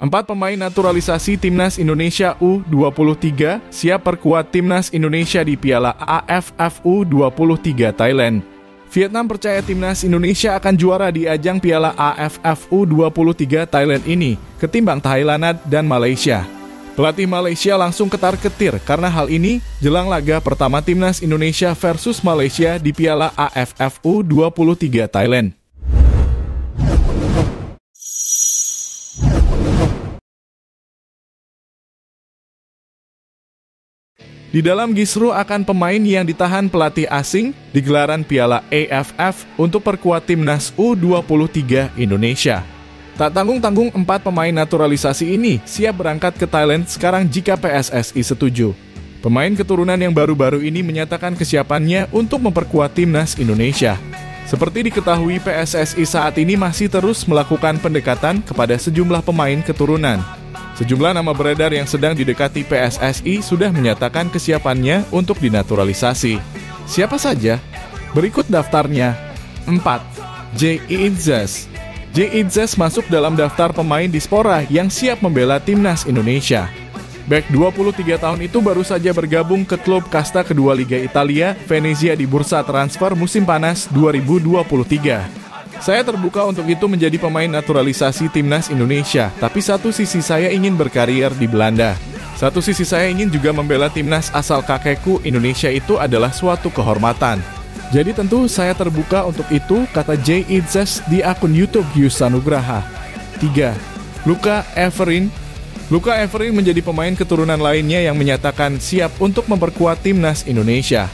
Empat pemain naturalisasi Timnas Indonesia U23 siap perkuat Timnas Indonesia di Piala AFF U23 Thailand. Vietnam percaya Timnas Indonesia akan juara di ajang Piala AFF U23 Thailand ini, ketimbang Thailand dan Malaysia. Pelatih Malaysia langsung ketar-ketir karena hal ini jelang laga pertama Timnas Indonesia versus Malaysia di Piala AFF U23 Thailand. Di dalam Gisru akan pemain yang ditahan pelatih asing di gelaran Piala AFF untuk perkuat timnas U23 Indonesia. Tak tanggung-tanggung empat pemain naturalisasi ini siap berangkat ke Thailand sekarang jika PSSI setuju. Pemain keturunan yang baru-baru ini menyatakan kesiapannya untuk memperkuat timnas Indonesia. Seperti diketahui PSSI saat ini masih terus melakukan pendekatan kepada sejumlah pemain keturunan. Sejumlah nama beredar yang sedang didekati PSSI sudah menyatakan kesiapannya untuk dinaturalisasi. Siapa saja? Berikut daftarnya. 4. J. Inzes J. Inzes masuk dalam daftar pemain dispora yang siap membela timnas Indonesia. Back 23 tahun itu baru saja bergabung ke klub kasta kedua Liga Italia, Venezia di bursa transfer musim panas 2023. Saya terbuka untuk itu menjadi pemain naturalisasi timnas Indonesia, tapi satu sisi saya ingin berkarier di Belanda. Satu sisi saya ingin juga membela timnas asal kakekku Indonesia itu adalah suatu kehormatan. Jadi tentu saya terbuka untuk itu, kata Jay Idzes di akun YouTube Yusanugraha. 3. Luka Everin Luka Everin menjadi pemain keturunan lainnya yang menyatakan siap untuk memperkuat timnas Indonesia.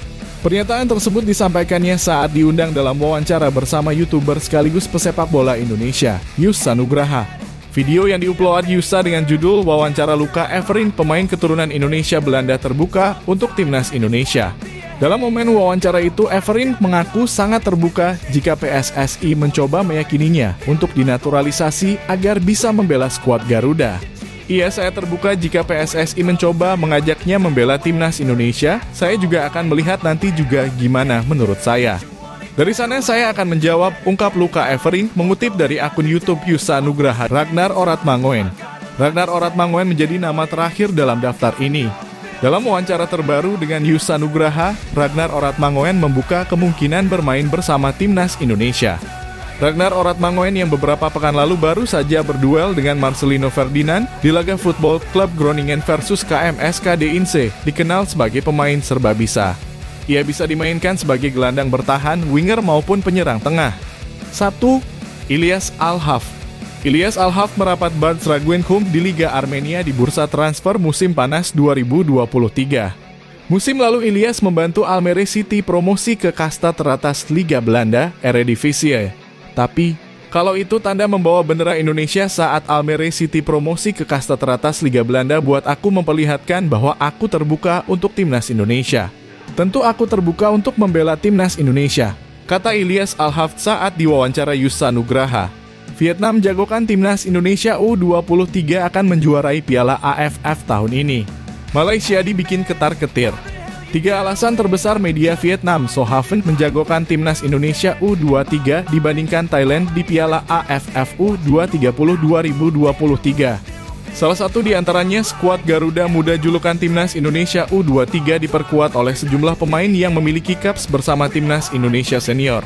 Pernyataan tersebut disampaikannya saat diundang dalam wawancara bersama youtuber sekaligus pesepak bola Indonesia, Yusa Nugraha. Video yang diupload Yusa dengan judul Wawancara Luka Everin pemain keturunan Indonesia Belanda terbuka untuk timnas Indonesia. Dalam momen wawancara itu, Everin mengaku sangat terbuka jika PSSI mencoba meyakininya untuk dinaturalisasi agar bisa membela skuad Garuda. Iya, saya terbuka jika PSSI mencoba mengajaknya membela timnas Indonesia. Saya juga akan melihat nanti juga gimana menurut saya. Dari sana saya akan menjawab ungkap Luka Every mengutip dari akun YouTube Yusa Nugraha Ragnar Orat Mangoen. Ragnar Orat Mangoen menjadi nama terakhir dalam daftar ini. Dalam wawancara terbaru dengan Yusa Nugraha, Ragnar Orat Mangoen membuka kemungkinan bermain bersama timnas Indonesia. Ragnar Orat Oratmangoen yang beberapa pekan lalu baru saja berduel dengan Marcelino Ferdinand di laga Football Club Groningen versus KMS KD Inse, dikenal sebagai pemain serba bisa. Ia bisa dimainkan sebagai gelandang bertahan, winger maupun penyerang tengah. 1. Ilyas Alhaf Ilyas Alhaf merapat Bart Raguenkum di Liga Armenia di bursa transfer musim panas 2023. Musim lalu Ilyas membantu Almere City promosi ke kasta teratas Liga Belanda Eredivisie. Tapi, kalau itu tanda membawa bendera Indonesia saat Almere City promosi ke kasta teratas Liga Belanda buat aku memperlihatkan bahwa aku terbuka untuk timnas Indonesia. Tentu aku terbuka untuk membela timnas Indonesia, kata Ilyas Alhaft saat diwawancara Yusa Nugraha. Vietnam jagokan timnas Indonesia U23 akan menjuarai Piala AFF tahun ini. Malaysia dibikin ketar-ketir. Tiga alasan terbesar media Vietnam So Sohaven menjagokan timnas Indonesia U23 dibandingkan Thailand di Piala AFF U230 2023. Salah satu di antaranya skuad Garuda Muda julukan Timnas Indonesia U23 diperkuat oleh sejumlah pemain yang memiliki caps bersama Timnas Indonesia Senior.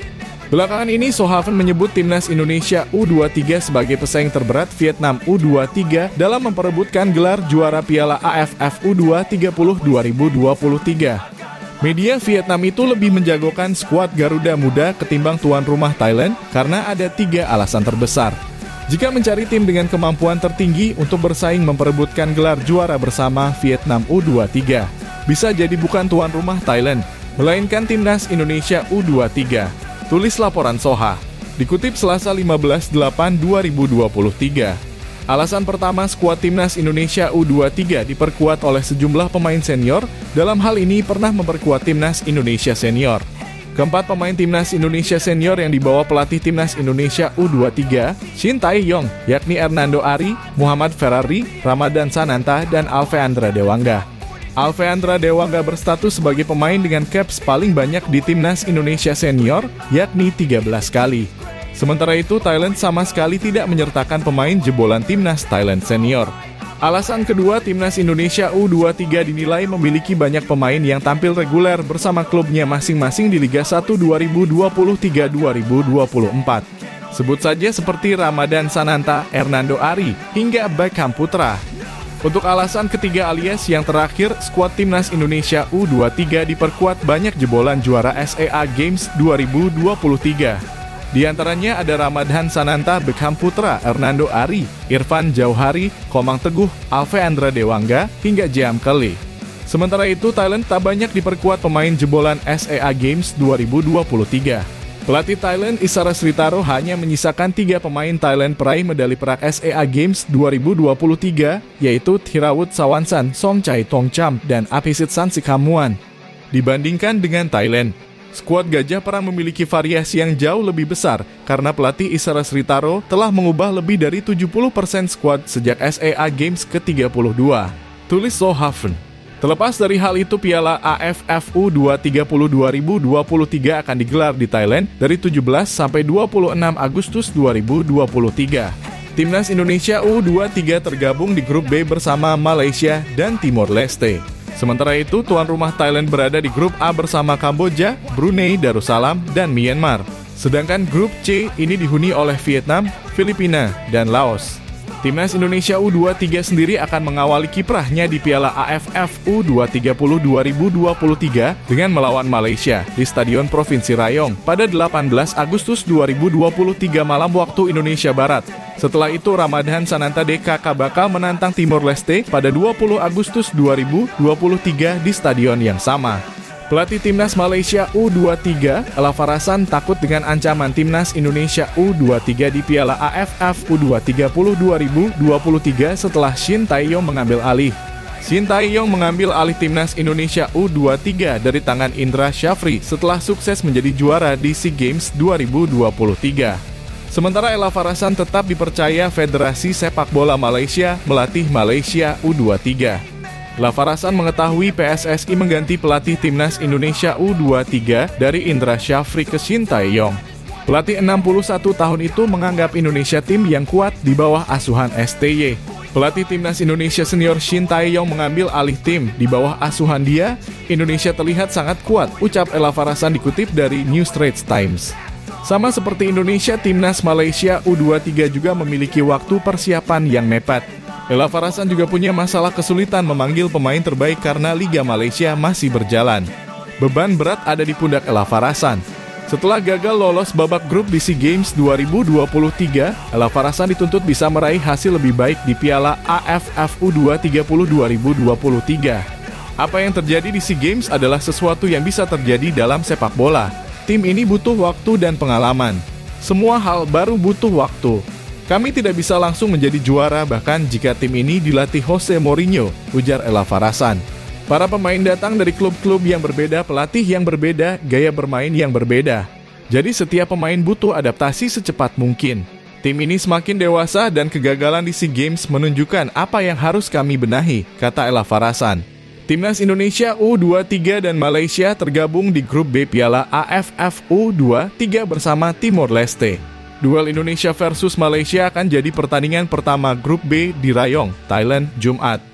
Belakangan ini, Sohaven menyebut timnas Indonesia U23 sebagai pesaing terberat Vietnam U23 dalam memperebutkan gelar juara Piala AFF u 23 2023. Media Vietnam itu lebih menjagokan skuad Garuda Muda ketimbang tuan rumah Thailand karena ada tiga alasan terbesar. Jika mencari tim dengan kemampuan tertinggi untuk bersaing memperebutkan gelar juara bersama Vietnam U23, bisa jadi bukan tuan rumah Thailand, melainkan timnas Indonesia U23 tulis laporan Soha. Dikutip Selasa 15/8/2023. Alasan pertama, skuad timnas Indonesia U23 diperkuat oleh sejumlah pemain senior, dalam hal ini pernah memperkuat timnas Indonesia senior. Keempat pemain timnas Indonesia senior yang dibawa pelatih timnas Indonesia U23, Shin Tae-yong, yakni Hernando Ari, Muhammad Ferrari, Ramadan Sananta, dan Alve Andra Dewangga. Alveandra Dewa berstatus sebagai pemain dengan caps paling banyak di timnas Indonesia senior, yakni 13 kali. Sementara itu, Thailand sama sekali tidak menyertakan pemain jebolan timnas Thailand senior. Alasan kedua, timnas Indonesia U23 dinilai memiliki banyak pemain yang tampil reguler bersama klubnya masing-masing di Liga 1 2023-2024. Sebut saja seperti Ramadan Sananta, Hernando Ari, hingga Beckham Putra. Untuk alasan ketiga alias yang terakhir, skuad timnas Indonesia U23 diperkuat banyak jebolan juara SEA Games 2023. Di antaranya ada Ramadhan Sananta, Beckham Putra, Hernando Ari, Irfan Jauhari, Komang Teguh, Alve Andra Dewangga, hingga Jam Kelly. Sementara itu, Thailand tak banyak diperkuat pemain jebolan SEA Games 2023. Pelatih Thailand Isara Sritaro hanya menyisakan tiga pemain Thailand peraih medali perak SEA Games 2023, yaitu Thirawut Sawansan, Tong Tongcham, dan Apisit Sansikamuan. Dibandingkan dengan Thailand, Skuad Gajah Perang memiliki variasi yang jauh lebih besar karena pelatih Isara Sritaro telah mengubah lebih dari 70% skuad sejak SEA Games ke-32. Tulis Sohaven. Terlepas dari hal itu, Piala AFF u 23 2023 akan digelar di Thailand dari 17 sampai 26 Agustus 2023. Timnas Indonesia U23 tergabung di grup B bersama Malaysia dan Timor Leste. Sementara itu, tuan rumah Thailand berada di grup A bersama Kamboja, Brunei Darussalam, dan Myanmar. Sedangkan grup C ini dihuni oleh Vietnam, Filipina, dan Laos. Timnas Indonesia U23 sendiri akan mengawali kiprahnya di Piala AFF U230 2023 dengan melawan Malaysia di Stadion Provinsi Rayong pada 18 Agustus 2023 malam waktu Indonesia Barat. Setelah itu Ramadhan Sananta DKK bakal menantang Timor Leste pada 20 Agustus 2023 di stadion yang sama. Pelatih timnas Malaysia U23, Lafarasan takut dengan ancaman timnas Indonesia U23 di Piala AFF u 23 2023 setelah Shin Taeyong mengambil alih. Shin Taeyong mengambil alih timnas Indonesia U23 dari tangan Indra Syafri setelah sukses menjadi juara di SEA Games 2023. Sementara Ella Farasan tetap dipercaya Federasi Sepak Bola Malaysia melatih Malaysia U23. Lafarasan mengetahui PSSI mengganti pelatih timnas Indonesia U23 dari Indra Syafri ke Shin Tae-yong. Pelatih 61 tahun itu menganggap Indonesia tim yang kuat di bawah asuhan STY. Pelatih timnas Indonesia senior Shin Taeyong mengambil alih tim di bawah asuhan dia, Indonesia terlihat sangat kuat, ucap Elavarasan dikutip dari New Straits Times. Sama seperti Indonesia, timnas Malaysia U23 juga memiliki waktu persiapan yang mepet. Ella Farasan juga punya masalah kesulitan memanggil pemain terbaik karena Liga Malaysia masih berjalan. Beban berat ada di pundak Ella Farasan. Setelah gagal lolos babak grup di SEA Games 2023, Ella Farasan dituntut bisa meraih hasil lebih baik di Piala AFF u 230 2023. Apa yang terjadi di SEA Games adalah sesuatu yang bisa terjadi dalam sepak bola. Tim ini butuh waktu dan pengalaman. Semua hal baru butuh waktu. Kami tidak bisa langsung menjadi juara bahkan jika tim ini dilatih Jose Mourinho, ujar Ella Farasan. Para pemain datang dari klub-klub yang berbeda, pelatih yang berbeda, gaya bermain yang berbeda. Jadi setiap pemain butuh adaptasi secepat mungkin. Tim ini semakin dewasa dan kegagalan di SEA Games menunjukkan apa yang harus kami benahi, kata Ella Farasan. Timnas Indonesia U23 dan Malaysia tergabung di grup B Piala AFF U23 bersama Timor Leste. Duel Indonesia versus Malaysia akan jadi pertandingan pertama Grup B di Rayong, Thailand, Jumat.